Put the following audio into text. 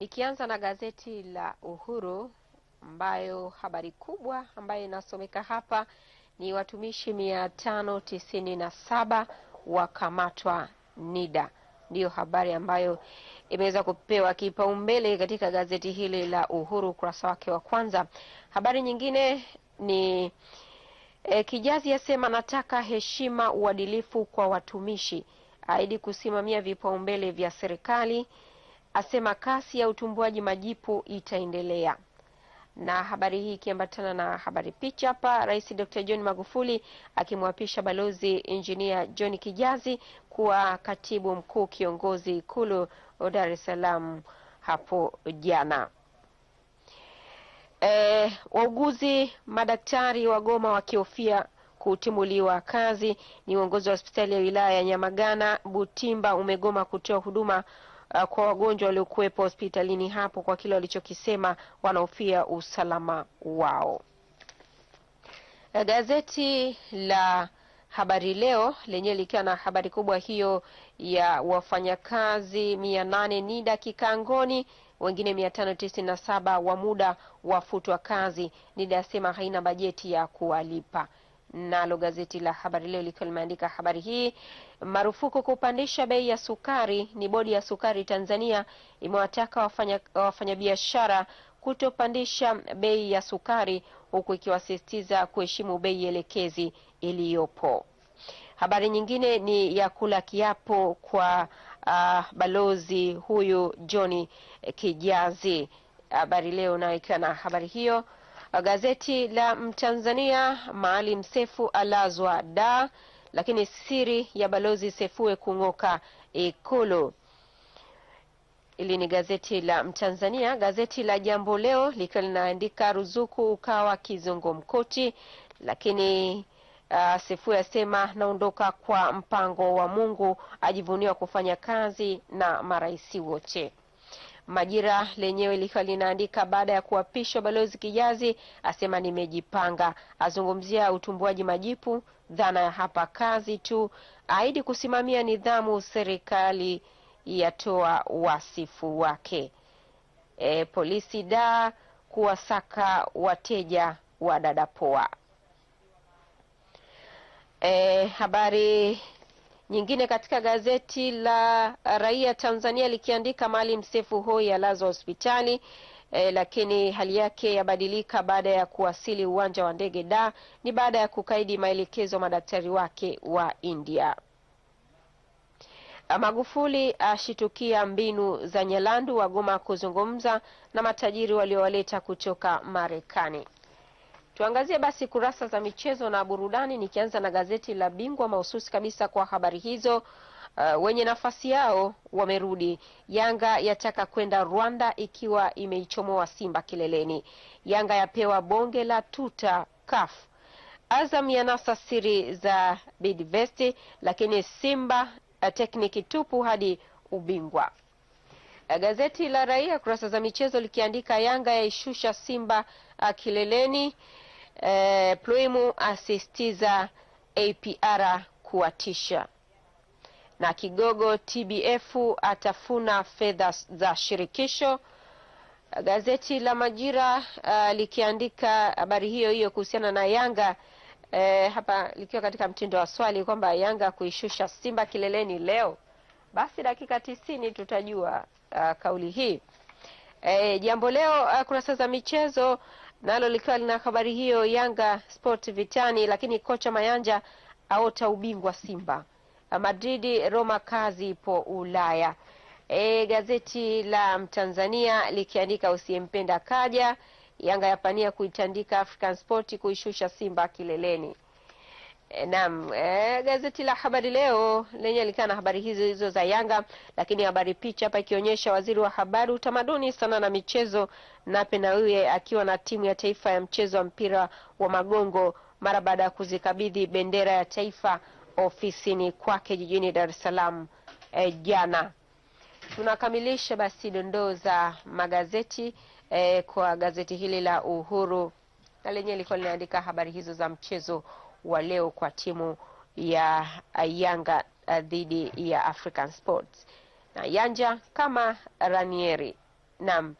Nikianza na gazeti la Uhuru ambayo habari kubwa ambayo inasomeka hapa ni watumishi mia tano tisini na saba wakamatwa NIDA. Ndiyo habari ambayo imeweza kupewa kipaumbele katika gazeti hili la Uhuru ukurasa wake wa kwanza. Habari nyingine ni e, Kijazi asema nataka heshima, uadilifu kwa watumishi, aidi kusimamia vipaumbele vya serikali asema kasi ya utumbuaji majipu itaendelea. Na habari hii ikiambatana na habari picha hapa, Rais Dr. John Magufuli akimwapisha Balozi Injinia John Kijazi kuwa katibu mkuu kiongozi Ikulu Dar es Salaam hapo jana. E, wauguzi madaktari wagoma wakihofia kutimuliwa kazi. Ni uongozi wa hospitali ya wilaya ya Nyamagana Butimba umegoma kutoa huduma Uh, kwa wagonjwa waliokuwepo hospitalini hapo kwa kile walichokisema wanaofia usalama wao. Uh, gazeti la Habari Leo lenyewe likiwa na habari kubwa hiyo ya wafanyakazi mia nane NIDA kikangoni, wengine mia tano tisini na saba wa muda wafutwa kazi. NIDA yasema haina bajeti ya kuwalipa. Nalo gazeti la Habari Leo likiwa limeandika habari hii, marufuku kupandisha bei ya sukari. Ni bodi ya sukari Tanzania imewataka wafanya wafanyabiashara kutopandisha bei ya sukari, huku ikiwasisitiza kuheshimu bei elekezi iliyopo. Habari nyingine ni ya kula kiapo kwa uh, balozi huyu John Kijazi. Habari Leo nayo ikiwa na habari hiyo. Gazeti la Mtanzania, Maalim Sefu alazwa da, lakini siri ya balozi Sefue kung'oka Ikulu. Hili ni gazeti la Mtanzania. Gazeti la Jambo Leo likiwa linaandika ruzuku ukawa mkoti lakini uh, Sefue asema naondoka kwa mpango wa Mungu, ajivuniwa kufanya kazi na maraisi wote. Majira lenyewe likiwa linaandika baada ya kuapishwa Balozi Kijazi asema nimejipanga, azungumzia utumbuaji majipu, dhana ya hapa kazi tu, aidi kusimamia nidhamu, serikali yatoa wasifu wake. E, polisi da kuwasaka wateja wa dadapoa. E, habari nyingine katika gazeti la Raia Tanzania likiandika mali msefu Hoi alazwa hospitali e, lakini hali yake yabadilika baada ya kuwasili uwanja wa ndege da Ni baada ya kukaidi maelekezo madaktari wake wa India. Magufuli ashitukia mbinu za Nyalandu, wagoma kuzungumza na matajiri waliowaleta kutoka Marekani. Tuangazie basi kurasa za michezo na burudani, nikianza na gazeti la Bingwa mahususi kabisa kwa habari hizo. Uh, wenye nafasi yao wamerudi. Yanga yataka kwenda Rwanda ikiwa imeichomoa Simba kileleni. Yanga yapewa bonge la tuta CAF. Azam yanasa siri za Bidvest, lakini Simba uh, tekniki tupu hadi ubingwa. Uh, gazeti la Raia kurasa za michezo likiandika Yanga yaishusha Simba uh, kileleni eh, asistiza asisitiza APR kuwatisha na kigogo TBF atafuna fedha za shirikisho. Gazeti la Majira uh, likiandika habari hiyo hiyo kuhusiana na Yanga eh, hapa likiwa katika mtindo wa swali kwamba Yanga kuishusha Simba kileleni leo. Basi dakika tisini tutajua uh, kauli hii eh, Jambo Leo uh, kurasa za michezo Nalo likiwa lina habari hiyo, Yanga Sport vitani, lakini kocha Mayanja aota ubingwa Simba. Madridi Roma kazi ipo Ulaya. E, gazeti la Mtanzania likiandika usiyempenda kaja, Yanga yapania kuitandika African Sport kuishusha Simba kileleni. E, naam, e, gazeti la Habari Leo lenye likiwa na habari hizo hizo za Yanga, lakini habari picha hapa ikionyesha waziri wa habari, utamaduni, sanaa na michezo Nape Nnauye akiwa na timu ya taifa ya mchezo wa mpira wa magongo mara baada ya kuzikabidhi bendera ya taifa ofisini kwake jijini Dar es Salaam e, jana. Tunakamilisha basi dondoo za magazeti e, kwa gazeti hili la Uhuru na lenye liko linaandika habari hizo za mchezo wa leo kwa timu ya Yanga eh, dhidi ya African Sports na Yanja kama Ranieri nam